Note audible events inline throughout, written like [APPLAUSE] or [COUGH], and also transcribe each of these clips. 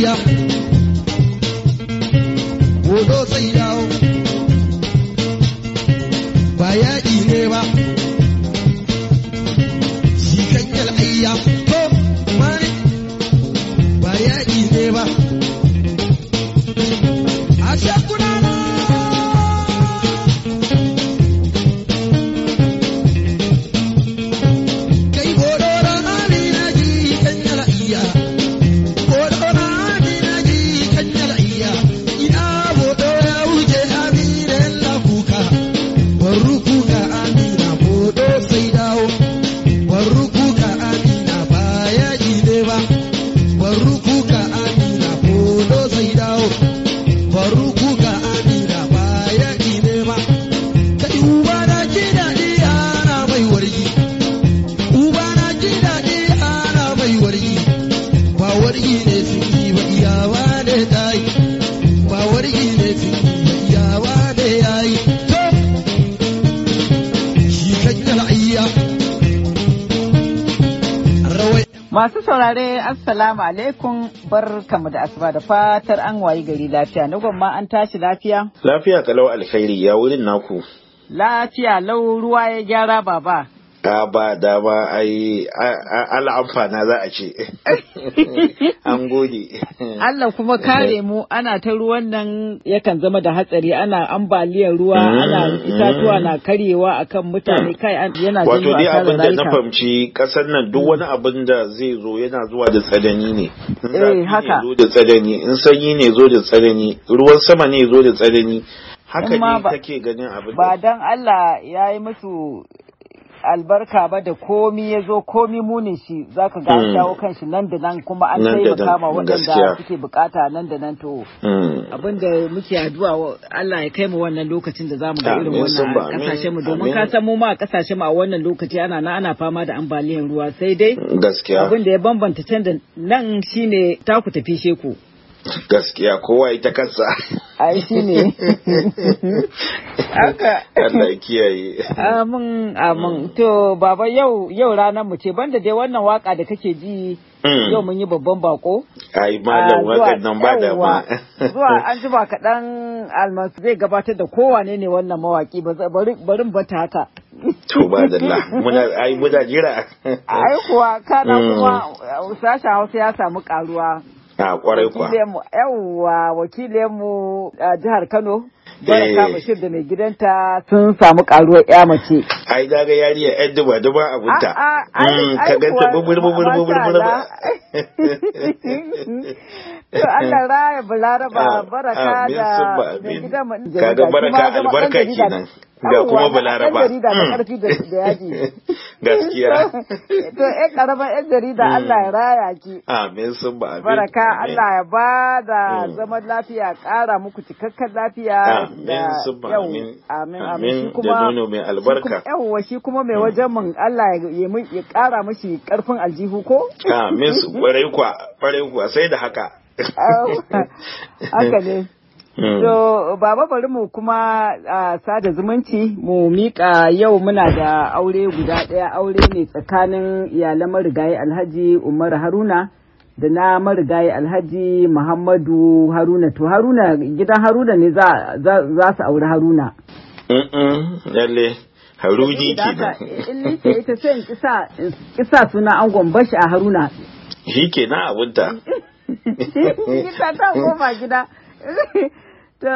Yeah. saurare assalamu alaikum bar kamu da asuba da fatar an wayi gari lafiya na gwamma an tashi lafiya. Lafiya kalau alkhairi ya wurin naku. Lafiya lau ruwa ya gyara baba. ta ba dama ai yi al'amfana za a ce [LAUGHS] an gode Allah kuma kare mu ana ta ruwan nan yakan zama da hatsari ana ambaliyar ruwa mm, ana mm. itatuwa na karyewa akan mutane kai yana wato dai abin da na fahimci kasar nan duk wani abin da zai zo yana zuwa da tsadani ne in eh, haka zo da tsadani? in sanyi ne zo da tsadani? ruwan sama ne zo da tsadani? haka ne take ganin abin ba dan Allah ya yi musu albarka ba da komi ya zo komi munin shi za ka ga hmm. dawo kan shi nan da nan kuma an taimaka ma waɗanda suke bukata nan da nan to hmm. abinda muke addu'a Allah ya kai mu wannan lokacin da zamu ga irin wannan kasashe mu domin ka san mu ma a kasashe mu a wannan lokaci ana na ana fama da ambaliyar ruwa sai dai gaskiya abinda ya bambanta can da nan shine ku tafi sheku gaskiya kowa ita kansa ai shi ne Allah kiyaye amin amin to baba yau yau ranar mu ce banda dai wannan waka da kake ji mm. yau mun yi babban bako ai malam ah, wakan nan ba da ma [LAUGHS] zuwa an ji ba kaɗan almasu zai gabatar da kowane ne wannan mawaki barin bata haka to ba da la muna ai muna jira ai kuwa kana mm. kuma sashen hausa ya samu karuwa a kwarai kwa yawwa wakilinmu a jihar kano Baraka eh. da mai gidanta sun samu karuwar ya mace. Ai da ga yariya yan duba duba abunta. Hmm, ka ganta bubur bubur bubur bubur. To Allah raya balaraba ah, baraka da mai gidan mu. Kaga baraka albarka kenan. Ga kuma balaraba. Da kuma hmm. da yaji. [LAUGHS] gaskiya [LAUGHS] to ƴan karamar yan jarida hmm. Allah ya raya ki amin sun ba amin baraka Allah ya ba da hmm. zaman lafiya ƙara muku cikakken lafiya amin sun ba amin amin amin da nono mai albarka yawwa shi kuma mai hmm. wajen mun Allah ya ƙara mashi ƙarfin aljihu ko amin su kwarai [LAUGHS] kwa kwarai kuwa sai da haka [LAUGHS] haka ne Mm. So, baba bari mu kuma a sada zumunci mu miƙa yau muna da aure guda ɗaya aure ne tsakanin iyalan marigayi alhaji Umar Haruna da na marigayi alhaji Muhammadu Haruna. To Haruna gidan Haruna ne za su auri Haruna. Lalle, Haruni ke In ita sai in kisa suna angon bashi a Haruna. Shi na abunta. [LAUGHS] Shi ta ta koma gida. [LAUGHS] ta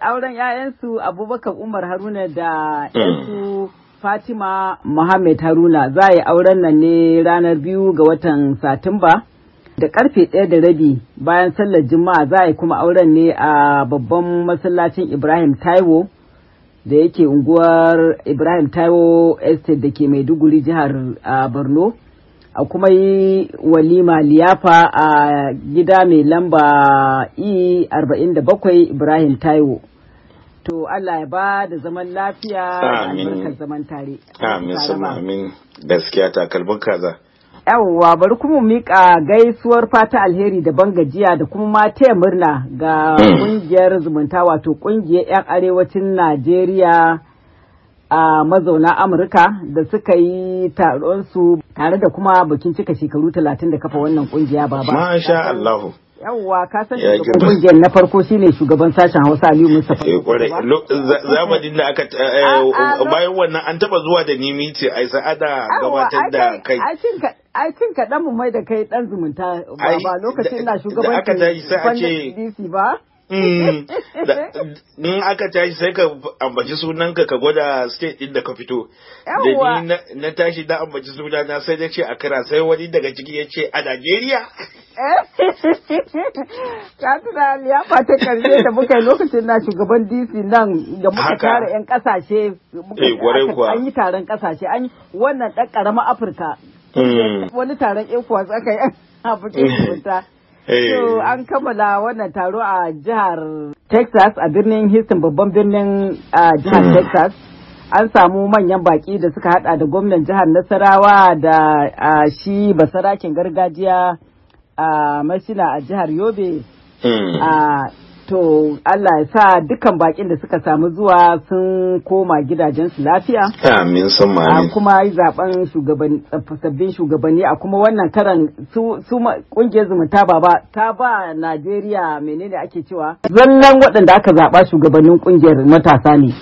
auren 'ya'yansu abubakar umar haruna da 'yansu fatima muhammad haruna za a yi auren nan ne ranar biyu ga watan satumba da karfe ɗaya da rabi bayan sallar juma'a za a yi kuma auren ne a babban masallacin ibrahim taiwo da yake unguwar ibrahim taiwo estate da ke maiduguri jihar borno a kuma yi walima liyafa a gida mai lamba e 47 ibrahim taiwo to allah ya ba da zaman lafiya albarkar zaman tare amin amin gaskiya takalmin kaza yawwa bari kuma miƙa gaisuwar fata alheri da Bangajiya gajiya da kuma ma taya murna ga kungiyar hmm. zumunta wato kungiyar 'yan arewacin najeriya a mazauna amurka da suka yi taron su tare da kuma bikin cika shekaru talatin da kafa wannan kungiya baba masha Allahu yawwa ka san shugaban kungiyar na farko shine shugaban sashen Hausa Aliyu Musa. eh kwarai zamanin da aka eh, ah, ah, bayan wannan an taba zuwa da ni a ai sa'ada gabatar da kai ai kaɗan mu mai da kai ɗan zumunta ba lokacin na shugaban kungiyar DC ba Mm. in aka tashi sai ka ambaci sunanka ka gwada state din da ka fito da ni na tashi da ambaci sunana sai na ce a kira sai wani daga ciki ya ce a Najeriya [LAUGHS] ka tuna liyafa ta karshe da muka yi lokacin na shugaban DC nan da muka tara yan kasashe eh, an yi taron kasashe an wannan ɗan ƙaramar Afirka mm. wani taron ECOWAS aka yi [LAUGHS] a bukin [LAUGHS] So eh. an kammala wannan taro a jihar Texas a birnin Houston babban birnin jihar mm. Texas. An samu manyan baki da suka hada da gwamnan jihar Nasarawa da shi basarakin gargajiya a mashina a jihar Yobe. Mm. To Allah ya sa dukkan bakin da suka samu zuwa sun koma gidajensu lafiya. Amin sun kuma zaben sabbin shugabanni a kuma wannan karan su kungiyar zumunta baba ta ba Najeriya menene ake cewa zallan waɗanda aka zaɓa shugabannin kungiyar matasa ne.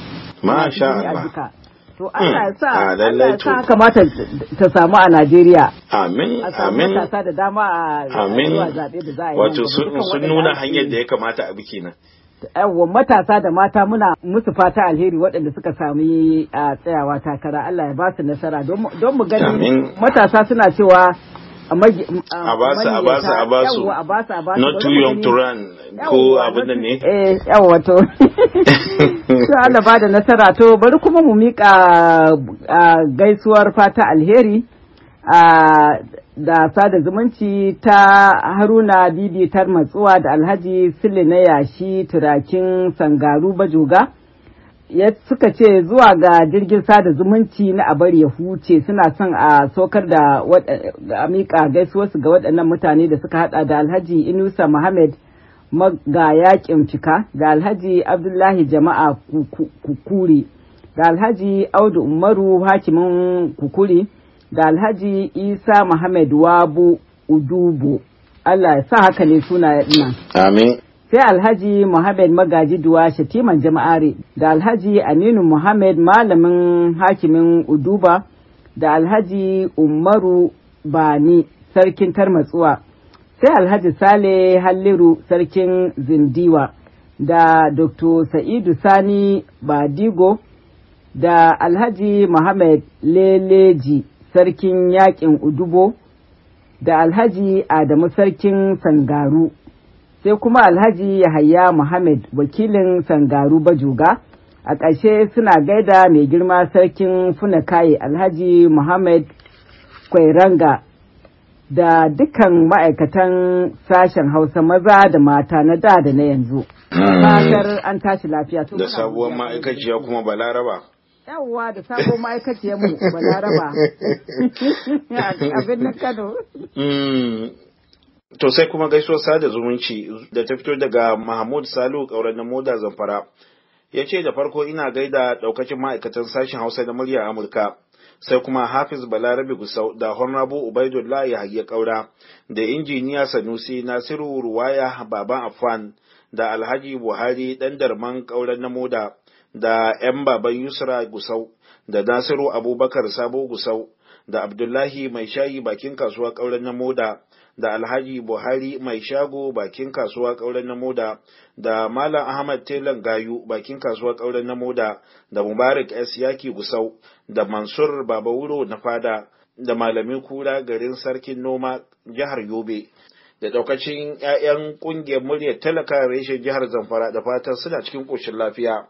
Masha Allah. To Allah hmm. sa ah, Allah sa kamata ta samu a Najeriya. Amin amin. A samu da dama a zaɓe da za a yi. Wato sun nuna hanyar da ya kamata a biki nan. yawon matasa da mata muna musu fata alheri waɗanda suka sami a ah, tsayawa takara Allah ya ba su nasara don mu gani matasa suna cewa a basu a basu a basu a basu a not too young to run ko abin da ne eh yawa to to [LAUGHS] Allah ba da nasara to bari kuma mu mika gaisuwar fata alheri da sada zumunci ta haruna bibi Matsuwa da alhaji sule na yashi turakin sangaru bajoga ya suka ce zuwa ga jirgin sada zumunci na abar ya huce suna son a sokar da miƙa gaisuwarsu ga waɗannan mutane da suka hada da alhaji inusa muhammad yaƙin cika da alhaji abdullahi jama'a kukuri da alhaji audu umaru hakimin kukuri da alhaji isa muhammad wabu udubu allah ya sa haka ne suna nan amin sai alhaji Muhammad magaji duwa shatiman jama'are da alhaji aminu Muhammad malamin hakimin uduba da alhaji umaru bani sarkin tarmatsuwa sai alhaji sale halliru sarkin zindiwa da dr sa'idu sani badigo da alhaji Muhammad leleji sarkin yakin udubo da alhaji adamu sarkin sangaru sai kuma alhaji yahaya muhammad wakilin sangaru bajuga a ƙarshe suna gaida mai girma sarkin funakaye alhaji muhammad kwairanga da dukkan ma'aikatan sashen hausa maza da mata na da da na yanzu hmm. fatar an tashi lafiya da sabuwar ma'aikaciya kuma balaraba yawwa da sabuwar ma'aikaciyar mu balaraba [LAUGHS] [LAUGHS] abin na kano hmm. To sai kuma gaisuwar sada zumunci da ta fito daga Mahmud Salu ƙauren na Moda Zamfara. Ya ce da farko ina gaida ɗaukacin ma'aikatan sashen Hausa da murya Amurka. Sai kuma Hafiz Balarabe Gusau da Honrabu ubaidullahi ya hagiya ƙaura da injiniya Sanusi Nasiru Ruwaya Baban Afan da Alhaji Buhari ɗan darman ƙauren na Moda da 'yan baban Yusra Gusau da Nasiru Abubakar Sabo Gusau da Abdullahi Mai Shayi bakin kasuwa ƙauren na Moda da alhaji buhari mai shago bakin kasuwa ƙauren na moda da malam ahmad telan gayu bakin kasuwa ƙauren na moda da mubarak s yaki gusau da mansur babawuro na fada da malamin kura garin sarkin noma jihar yobe da ɗaukacin 'ya'yan ƙungiyar muryar talaka reshen jihar zamfara da fatan suna cikin ƙoshin lafiya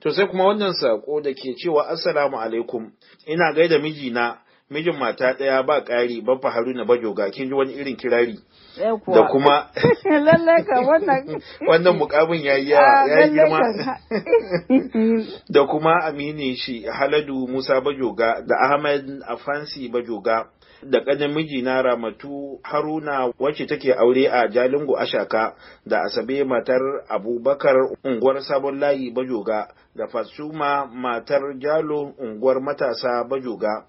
to sai kuma wannan sako da ke cewa assalamu alaikum ina gaida mijina mijin mata ɗaya ba ƙari ba fa haruna ba joga kin ji wani irin kirari eh da kuma [LAUGHS] lallai ka wannan [LAUGHS] wannan yayi ya yi ah, girma [LAUGHS] da kuma amine shi haladu musa bajoga da ahmed afansi bajoga da miji mijina ramatu haruna wacce take aure a jalingo ashaka da asabe matar abubakar unguwar sabon layi bajoga da fasuma matar jalo unguwar matasa bajoga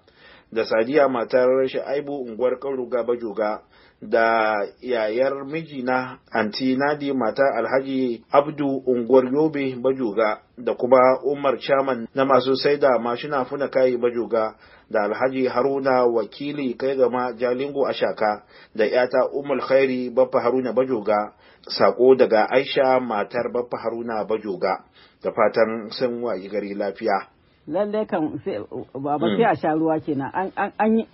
da sadiya matar shaibu unguwar gaba bajoga da yayar mijina anti nadi mata alhaji abdu unguwar yobe bajoga da kuma umar chaman na masu sai da mashina funa kayi bajoga da alhaji haruna wakili kai gama jalingo shaka, da yata Umar khairi baffa haruna bajoga sako daga aisha matar baffa haruna bajoga da fatan sun wayi gari lafiya lallai kan baba hmm. sai a sha ruwa kenan an yi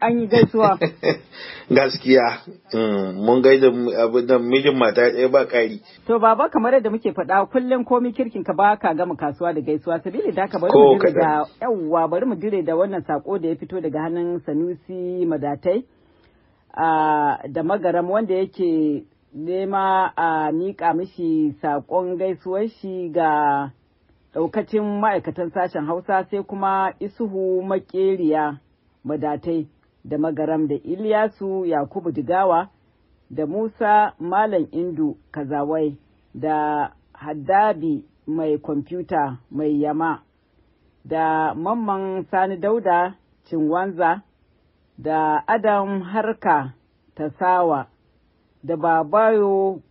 an yi gaisuwa [LAUGHS] gaskiya hmm. mun gaida abin mijin mata ɗaya ba kari to baba kamar yadda muke faɗa kullum komi kirkin ka baka ka gama kasuwa da gaisuwa sabili da ka bari mu dire da yawwa bari mu dire da wannan sako da ya fito daga hannun Sanusi Madatai da magaram wanda yake nema a mika mishi sakon gaisuwar shi ga ɗaukacin ma'aikatan sashen Hausa sai kuma Isuhu Makeriya Madatai da Magaram da Iliyasu Yakubu Digawa da Musa Malam Indu Kazawai da Haddabi mai kwamfuta mai yama da Mamman Sani Dauda Cinwanza da Adam Harka Tasawa da Babayo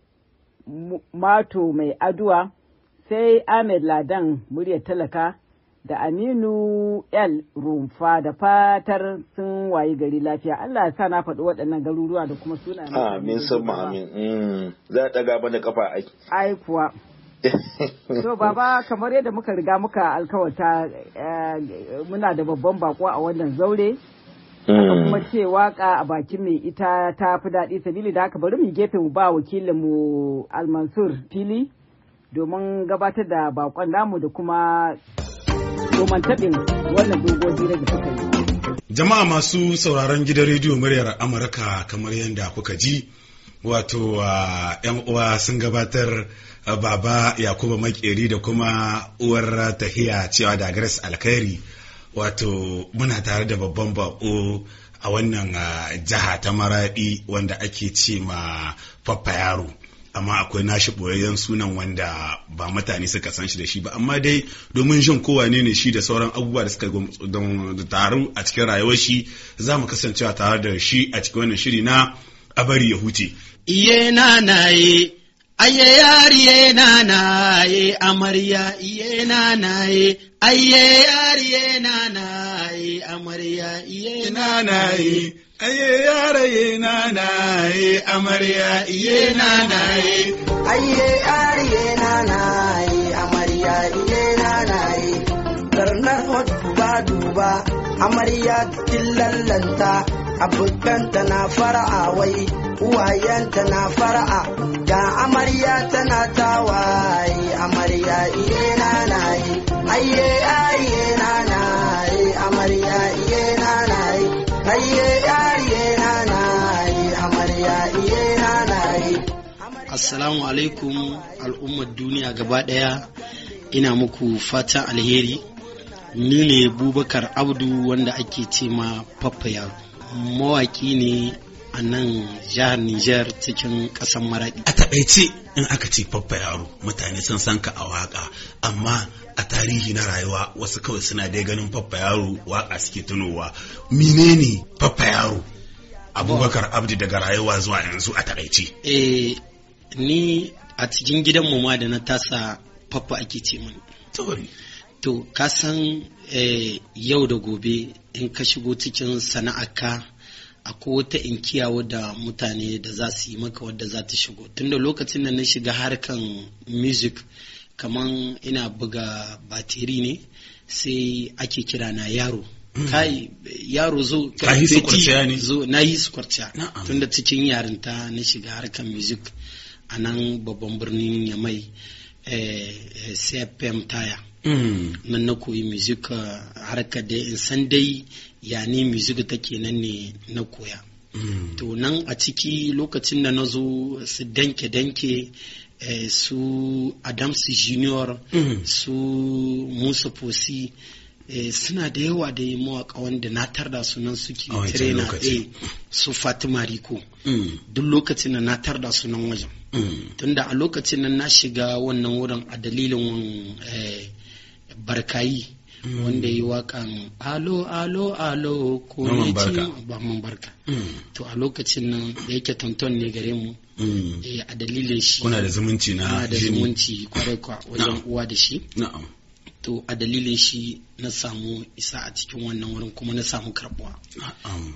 Mato mai aduwa. sai Ahmed Ladan muryar talaka da Aminu L Rumfa da fatar sun wayi gari lafiya. Allah ya sa na faɗi waɗannan garuruwa da kuma suna. Amin sun amin. Mm, za a ɗaga mana kafa ai. Ai kuwa. [LAUGHS] so baba kamar yadda muka riga muka alkawarta eh, muna da babban bako a wannan zaure. Mm. kuma ce waka a bakin mai ita ta fi daɗi sabili da haka bari mu gefe mu ba mu almansur fili domin gabatar da bakon namu da kuma domin taɓin wannan dogon da suka yi. Jama'a masu sauraron gidan rediyo muryar Amurka kamar yadda kuka ji wato yan uwa sun gabatar baba Yakubu Makeri da kuma uwar tahiya cewa da Grace Alkairi wato muna tare da babban bako a wannan jiha ta maraɗi wanda ake ce ma Fafa Yaro. amma akwai nashi boyayyen sunan wanda ba mutane suka san shi da shi ba amma dai domin jin kowane ne shi da sauran abubuwa da suka taru a cikin rayuwar shi za mu kasancewa tare da shi a cikin wannan shiri na a bari ya huce. Iye nanaye, aye na nanaye, amarya iye nanaye, aye na nanaye, amarya iye nanaye. Aye yara ye ye amarya na ye. Aye yara ye ye amarya na ye. Karnar hot duba duba amarya cikin lallanta ta na fara'a wai uwayenta na fara'a ga amarya tana ye amarya iye ye. Aye yara ye nanaye amarya na na Assalamu alaikum al'ummar duniya gaba ɗaya ina muku fatan alheri ni ne bubakar abdu wanda ake ce ma faffaya mawaki ne a nan jihar Nijar cikin ƙasar Maraɗi. A taɓaice in aka ce faffayaro mutane sun san ka a waƙa amma a tarihi na rayuwa wasu kawai suna dai ganin faffa yaro waka suke tunowa menene faffa yaro abubakar abdi daga rayuwa zuwa yanzu a takaice eh, ni a cikin gidan mu ma da na tasa faffa ake ce mun to ka san eh, yau da gobe in ka shigo cikin sana'aka akwai wata inkiya wadda mutane da za su yi maka wadda za ta shigo tunda lokacin da na shiga harkan music kaman ina buga batiri ne sai ake kira na yaro mm. kai yaro zo zo na yi su kwarciya tunda cikin yarinta na shiga harkar music a nan babban birnin yamai eh, cfm taya mm. nan na koyi music eh, harkar da in san dai ya ne music take nan ne na koya mm. to nan a ciki lokacin da na zo su danke-danke Eh, su Adams junior mm. su musa fosi eh, suna da yawa da mawaƙa wanda na tarda sunan suke tirena a eh, su fatima riko mm. duk lokacin da na tarda sunan wajen mm. tunda a lokacin nan na shiga wannan wurin a dalilin barkayi wanda yi waƙan alo alo alo ko ne ci barka to a lokacin nan da yake tonton ne gare mu Mm. Eh, a dalilin shi kuna da zumunci na da zumunci kwarai kwa wajen uwa da shi na'am to a dalilin shi na samu isa a cikin wannan wurin kuma na samu karbuwa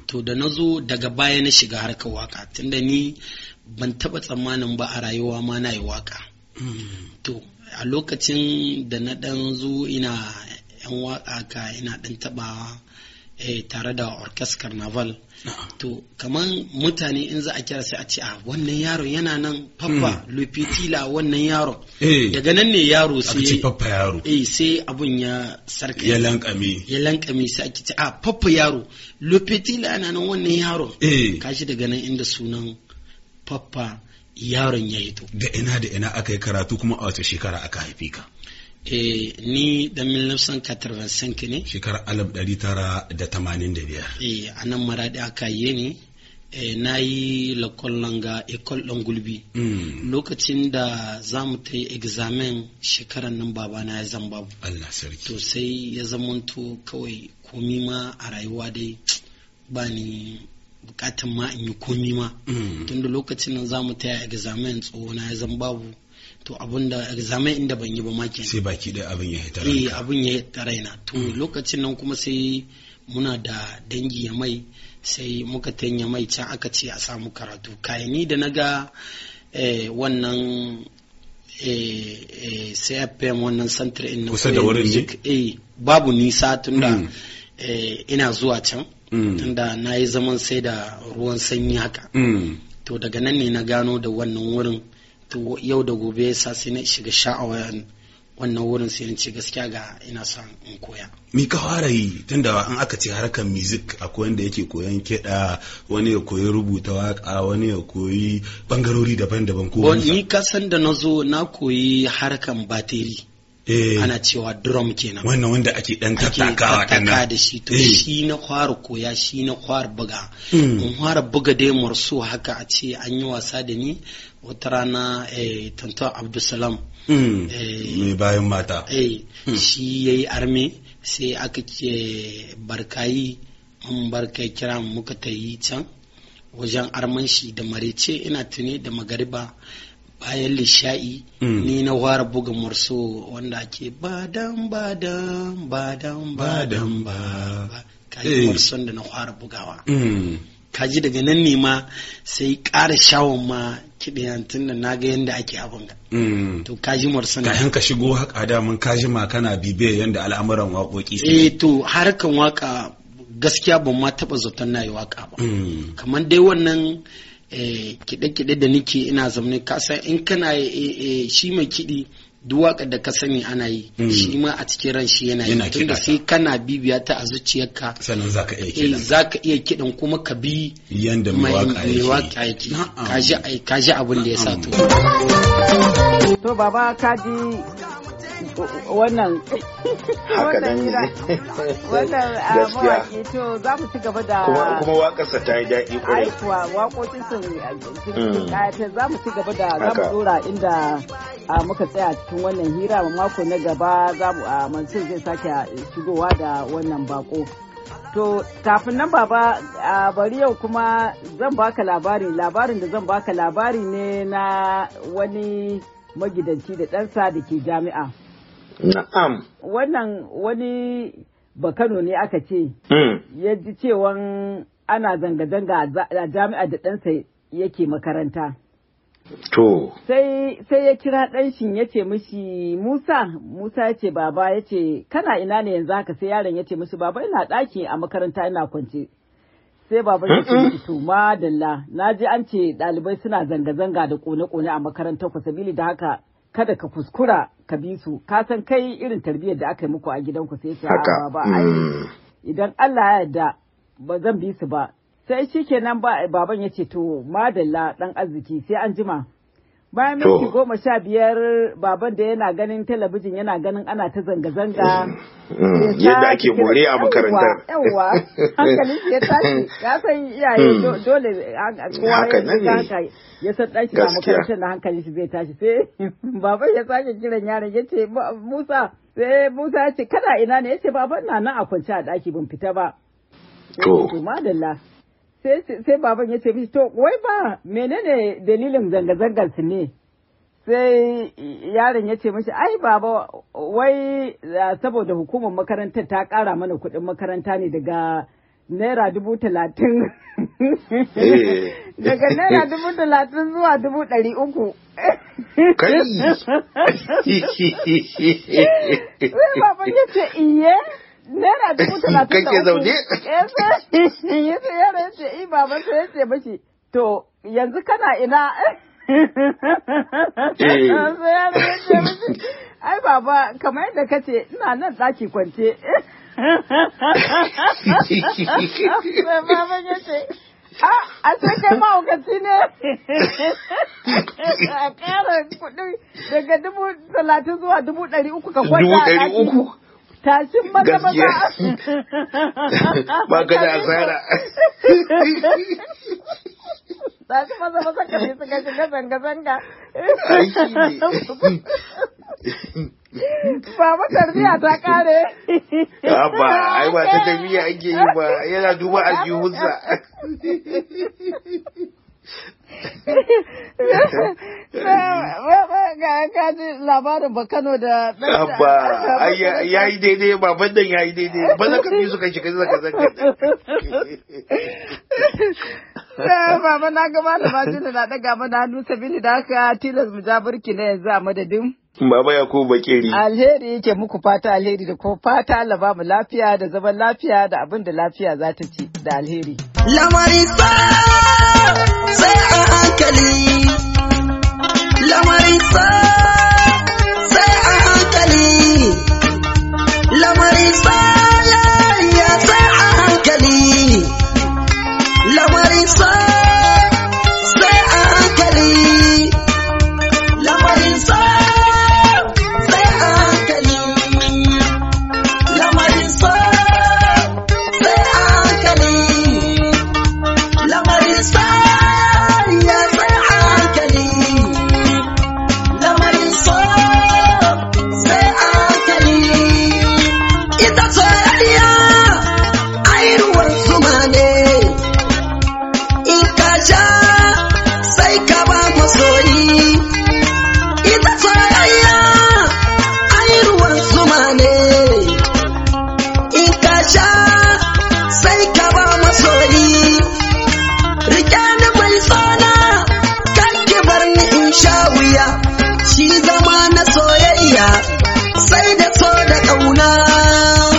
to da na zo daga baya na shiga harkar waka tunda ni ban taba tsammanin ba a rayuwa ma na yi waka mm. to a lokacin da na ɗan zo ina yan waka ina ɗan tabawa Eh, tare da orkes naval to kaman mutane in za a kira sai a ce a ah, wannan yaron yana nan papa hmm. lupitila wannan yaron eh. daga nan ne yaro sai papa yaro eh sai abun ya sarka ya lankami ya lankami sai ake ce a ah, papa yaro lupitila yana nan wannan yaron eh. kashi daga nan inda sunan papa yaron ya hito da ina da ina aka yi karatu kuma a wace shekara aka haife ka Eh, ni dan 1985 ne. ɗari Shekarar da Eh, a nan maraɗi aka yi ne. Eh, na yi lakon ga ekol ɗan gulbi. Mm. Lokacin da za mu ta yi examen shekarar nan na ya zan babu. Allah sarki. To sai ya zamanto kawai komi ma a rayuwa dai ba ni bukatan ma in yi komi ma. Mm. Tunda lokacin nan za mu ta yi examen na ya zan babu. to abun da examen inda ban yi ba ma sai baki da abin ya hitara eh abin ya hitara to mm. lokacin nan kuma sai muna da dangi ya mai sai muka tanya mai can aka ce a samu karatu kayani da naga ga eh, wannan eh, eh, cfm wannan center in kusa da wurin ne babu nisa tunda mm. ina zuwa can mm. tunda na yi zaman sai da ruwan sanyi haka to daga nan ne na gano da wannan wurin to yau da gobe sa sai na shiga sha'awar wannan wurin sai in ce gaskiya ga ina son in koya. Mi ka fara yi tunda an aka ce harkar music akwai wanda yake koyan kiɗa wani ya koyi rubuta waka wani ya koyi bangarori daban-daban ko wani. Ni ka san da na zo na koyi harkar bateri. Eh. ana cewa drum kenan wannan wanda ake dan tattakawa kenan da shi to eh. shi na ko koya shi na kwara buga hmm. Mun fara buga dai mursu haka a ce an yi wasa da ni wata rana eh, tantan abdulsalam hmm. mai bayan mata hmm. shi ya yi arme sai aka ce barkayi mun barkai kira muka ta yi can wajen arman shi da marece ina tuni da magariba bayan lisha'i mm. ni na wara buga murso wanda ake badan badan badan badan ba kaji eh. murson da na wara bugawa mm. kaji daga nan ne ma sai kara shawon ma kiɗiyantun da na ga yadda ake abin ga. Mm. To kaji mursan. Kayan ka shigo haka da mun kaji ma kana bibe yadda al'amuran waƙoƙi. Eh to harkan waƙa gaskiya ban ma taɓa zaton na yi waƙa ba. Kamar dai wannan Eh, kiɗe-kiɗe da nake ina zaune kasan in kana eh, eh, shi mai kiɗi duwaka da ka sani ana yi hmm. shi ma a cikin ran shi yana yi tunda sai kana bibiya ta a zuciyarka sannan zaka iya kiɗan zaka iya kuma ka bi yanda mai waka yake kaji kaji abin da ya sato. to to baba kaji wannan wannan gida wannan ah, mawaki to za mu ci gaba da kuma waƙarsa ta yi daɗi kwarai kuwa waƙoƙin sun ah, mm. ƙayata za mu ci gaba da za mu dora inda ah, muka tsaya cikin wannan hira mako na gaba za mu mansur zai sake shigowa da wannan bako To kafin nan baba a bari yau kuma zan baka labari labarin da zan baka labari ne na wani magidanci da ɗansa da ke jami'a. Na'am. Wannan wani bakano ne aka ce, hmm. ya ji cewan ana zanga-zanga a jami'a da ɗansa yake makaranta. To. Sai ya kira ɗanshin ya ce mishi Musa, Musa ya ce baba ya ce kana ina ne yanzu haka sai yaron ya ce mishi baba ina ɗaki a makaranta ina kwance. Sai baba ya ce to madalla na ji an ce ɗalibai suna zanga-zanga da ƙone-ƙone a makarantar ku sabili da haka kada ka kuskura ka bi su ka san kai irin tarbiyyar da aka yi muku a gidanku sai su haka ba mm. idan Allah ya yarda ba zan bi su ba sai shikenan ba baban ya ce to madalla dan arziki sai an jima bayan minti goma sha biyar baban da yana ganin talabijin yana ganin ana ta zanga-zanga mm, yadda ake bore a makarantar yawwa [LAUGHS] hankalin ya tashi ya san iyaye mm. dole kowa ya ya san ɗaki a makarantar na hankalin shi zai tashi sai [LAUGHS] baban ya sake kiran yaron ya ce musa sai musa ya ce kana ina ne ya ce baban na nan a kwance a ɗaki ban fita ba to madalla sai baban ya ce mishi to wai ba menene dalilin zanga-zangar su ne sai yaron ya ce mishi ai baba wai saboda hukumar makarantar ta kara mana kuɗin makaranta ne daga naira dubu talatin eh. daga naira dubu talatin zuwa dubu ɗari uku kai sai baban ya ce iye naira dubu talatin da uku zaune eh, ya ce yara ya ce i baba sai ya ce shi. to yanzu kana ina eh. [LAUGHS] sai yara ya ce mashi ai baba kamar yadda ka ce ina nan ɗaki kwance sai baba ya ce a sai kai mahaukaci ne [LAUGHS] a ƙara kuɗi daga dubu talatin zuwa dubu ɗari uku ka kwanta a ɗaki tashin maza maza [LAUGHS] ba ka da asara tashin maza maza ka ne suka shiga zanga zanga Baba tarbiya ta kare. Ba, ai ba ta tarbiya [LAUGHS] ake yi ba, yana duba aljihunsa. [LAUGHS] ka kaji labarin ba Kano da ɗan ba ya yi daidai ba bandan ya yi daidai ba za ka fi su kai shiga zaka zaka eh, Baba na gama malama jini na ɗaga mana hannu sabili da aka tilas mu ja burki na yanzu a madadin. Baba Yakubu Bakeri. Alheri yake muku fata alheri da kuma fata laba mu lafiya da zaman lafiya da abin da lafiya za ta ci da alheri. Lamari sai a hankali. lamarin sa sai a hankali lamarin sa shi zama na soyayya sai da so da ƙauna.